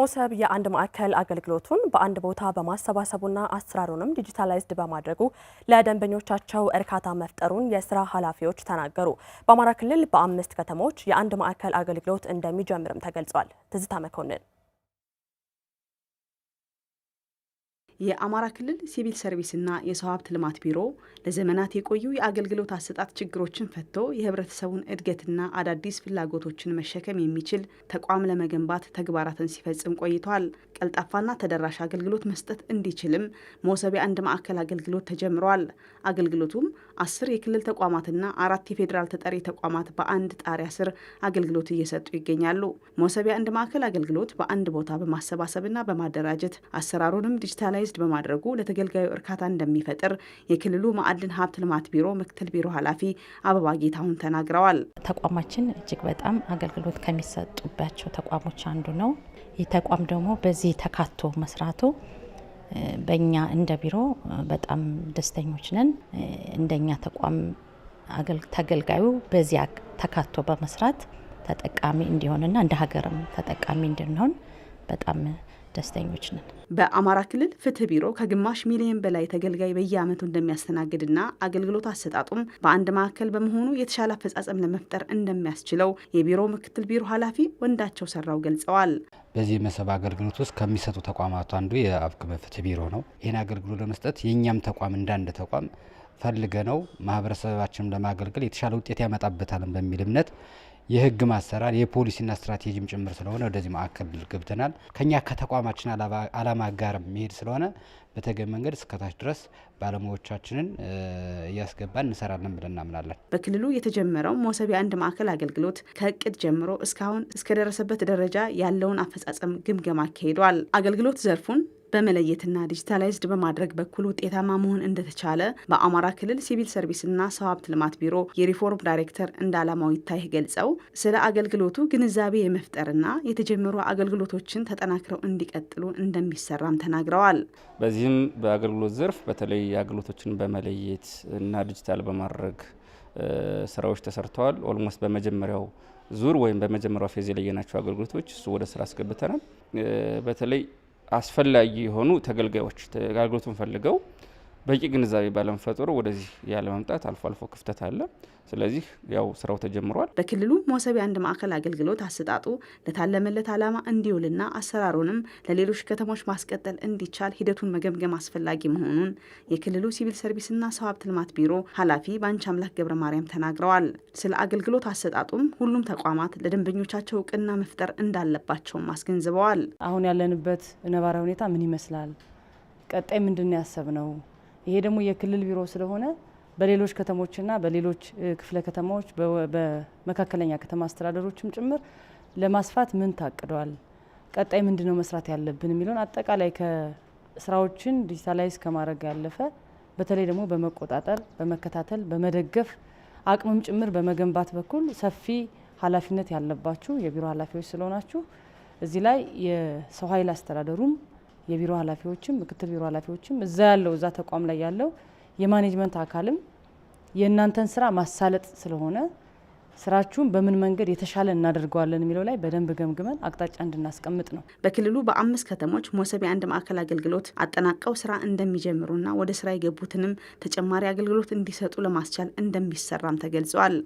ሞሰብ የአንድ ማዕከል አገልግሎቱን በአንድ ቦታ በማሰባሰቡና አሰራሩንም ዲጂታላይዝድ በማድረጉ ለደንበኞቻቸው እርካታ መፍጠሩን የስራ ኃላፊዎች ተናገሩ። በአማራ ክልል በአምስት ከተሞች የአንድ ማዕከል አገልግሎት እንደሚጀምርም ተገልጿል። ትዝታ መኮንን የአማራ ክልል ሲቪል ሰርቪስና የሰው ሀብት ልማት ቢሮ ለዘመናት የቆዩ የአገልግሎት አሰጣጥ ችግሮችን ፈትቶ የህብረተሰቡን እድገትና አዳዲስ ፍላጎቶችን መሸከም የሚችል ተቋም ለመገንባት ተግባራትን ሲፈጽም ቆይቷል። ቀልጣፋና ተደራሽ አገልግሎት መስጠት እንዲችልም መውሰቢያ አንድ ማዕከል አገልግሎት ተጀምሯል። አገልግሎቱም አስር የክልል ተቋማትና አራት የፌዴራል ተጠሪ ተቋማት በአንድ ጣሪያ ስር አገልግሎት እየሰጡ ይገኛሉ። መውሰቢያ አንድ ማዕከል አገልግሎት በአንድ ቦታ በማሰባሰብና በማደራጀት አሰራሩንም ዲጂታላይዝ ሪሊስድ በማድረጉ ለተገልጋዩ እርካታ እንደሚፈጥር የክልሉ ማዕድን ሀብት ልማት ቢሮ ምክትል ቢሮ ኃላፊ አበባ ጌታሁን ተናግረዋል። ተቋማችን እጅግ በጣም አገልግሎት ከሚሰጡባቸው ተቋሞች አንዱ ነው። ይህ ተቋም ደግሞ በዚህ ተካቶ መስራቱ በእኛ እንደ ቢሮ በጣም ደስተኞች ነን። እንደኛ ተቋም ተገልጋዩ በዚያ ተካቶ በመስራት ተጠቃሚ እንዲሆንና እንደ ሀገርም ተጠቃሚ እንድንሆን በጣም ደስተኞች ነን። በአማራ ክልል ፍትህ ቢሮ ከግማሽ ሚሊዮን በላይ ተገልጋይ በየአመቱ እንደሚያስተናግድና አገልግሎት አሰጣጡም በአንድ ማዕከል በመሆኑ የተሻለ አፈጻጸም ለመፍጠር እንደሚያስችለው የቢሮው ምክትል ቢሮ ኃላፊ ወንዳቸው ሰራው ገልጸዋል። በዚህ የመሰብ አገልግሎት ውስጥ ከሚሰጡ ተቋማቱ አንዱ የአብክመ ፍትህ ቢሮ ነው። ይህን አገልግሎት ለመስጠት የእኛም ተቋም እንዳንድ ተቋም ፈልገ ነው ማህበረሰባችንም ለማገልገል የተሻለ ውጤት ያመጣበታልን በሚል እምነት የህግ ማሰራር የፖሊሲና ስትራቴጂም ጭምር ስለሆነ ወደዚህ ማዕከል ገብተናል። ከኛ ከተቋማችን አላማ ጋር መሄድ ስለሆነ በተገቢ መንገድ እስከታች ድረስ ባለሙያዎቻችንን እያስገባን እንሰራለን ብለን እናምናለን። በክልሉ የተጀመረው መውሰቢያ አንድ ማዕከል አገልግሎት ከእቅድ ጀምሮ እስካሁን እስከደረሰበት ደረጃ ያለውን አፈጻጸም ግምገማ አካሂዷል። አገልግሎት ዘርፉን በመለየትና ዲጂታላይዝድ በማድረግ በኩል ውጤታማ መሆን እንደተቻለ በአማራ ክልል ሲቪል ሰርቪስና ሰው ሀብት ልማት ቢሮ የሪፎርም ዳይሬክተር እንደ አላማው ይታይ ገልጸው ስለ አገልግሎቱ ግንዛቤ የመፍጠርና የተጀመሩ አገልግሎቶችን ተጠናክረው እንዲቀጥሉ እንደሚሰራም ተናግረዋል። በዚህም በአገልግሎት ዘርፍ በተለይ አገልግሎቶችን በመለየት እና ዲጂታል በማድረግ ስራዎች ተሰርተዋል። ኦልሞስት በመጀመሪያው ዙር ወይም በመጀመሪያው ፌዝ የለየናቸው አገልግሎቶች እሱ ወደ ስራ አስገብተናል። በተለይ አስፈላጊ የሆኑ ተገልጋዮች አገልግሎቱን ፈልገው በቂ ግንዛቤ ባለመፈጠሩ ወደዚህ ያለመምጣት አልፎ አልፎ ክፍተት አለ። ስለዚህ ያው ስራው ተጀምሯል። በክልሉ መዋሰቢ የአንድ ማዕከል አገልግሎት አሰጣጡ ለታለመለት ዓላማ እንዲውልና አሰራሩንም ለሌሎች ከተሞች ማስቀጠል እንዲቻል ሂደቱን መገምገም አስፈላጊ መሆኑን የክልሉ ሲቪል ሰርቪስና ሰው ሀብት ልማት ቢሮ ኃላፊ በአንቺ አምላክ ገብረ ማርያም ተናግረዋል። ስለ አገልግሎት አሰጣጡም ሁሉም ተቋማት ለደንበኞቻቸው እውቅና መፍጠር እንዳለባቸውም አስገንዝበዋል። አሁን ያለንበት ነባራዊ ሁኔታ ምን ይመስላል? ቀጣይ ምንድን ያሰብ ነው ይሄ ደግሞ የክልል ቢሮ ስለሆነ በሌሎች ከተሞችና በሌሎች ክፍለ ከተማዎች በመካከለኛ ከተማ አስተዳደሮችም ጭምር ለማስፋት ምን ታቅደዋል፣ ቀጣይ ምንድን ነው መስራት ያለብን የሚለውን አጠቃላይ ከስራዎችን ዲጂታላይዝ ከማድረግ ያለፈ በተለይ ደግሞ በመቆጣጠር በመከታተል በመደገፍ አቅምም ጭምር በመገንባት በኩል ሰፊ ኃላፊነት ያለባችሁ የቢሮ ኃላፊዎች ስለሆናችሁ እዚህ ላይ የሰው ኃይል አስተዳደሩም የቢሮ ኃላፊዎችም ምክትል ቢሮ ኃላፊዎችም እዛ ያለው እዛ ተቋም ላይ ያለው የማኔጅመንት አካልም የእናንተን ስራ ማሳለጥ ስለሆነ ስራችሁን በምን መንገድ የተሻለ እናደርገዋለን የሚለው ላይ በደንብ ገምግመን አቅጣጫ እንድናስቀምጥ ነው። በክልሉ በአምስት ከተሞች ሞሰብ የአንድ ማዕከል አገልግሎት አጠናቀው ስራ እንደሚጀምሩና ወደ ስራ የገቡትንም ተጨማሪ አገልግሎት እንዲሰጡ ለማስቻል እንደሚሰራም ተገልጿል።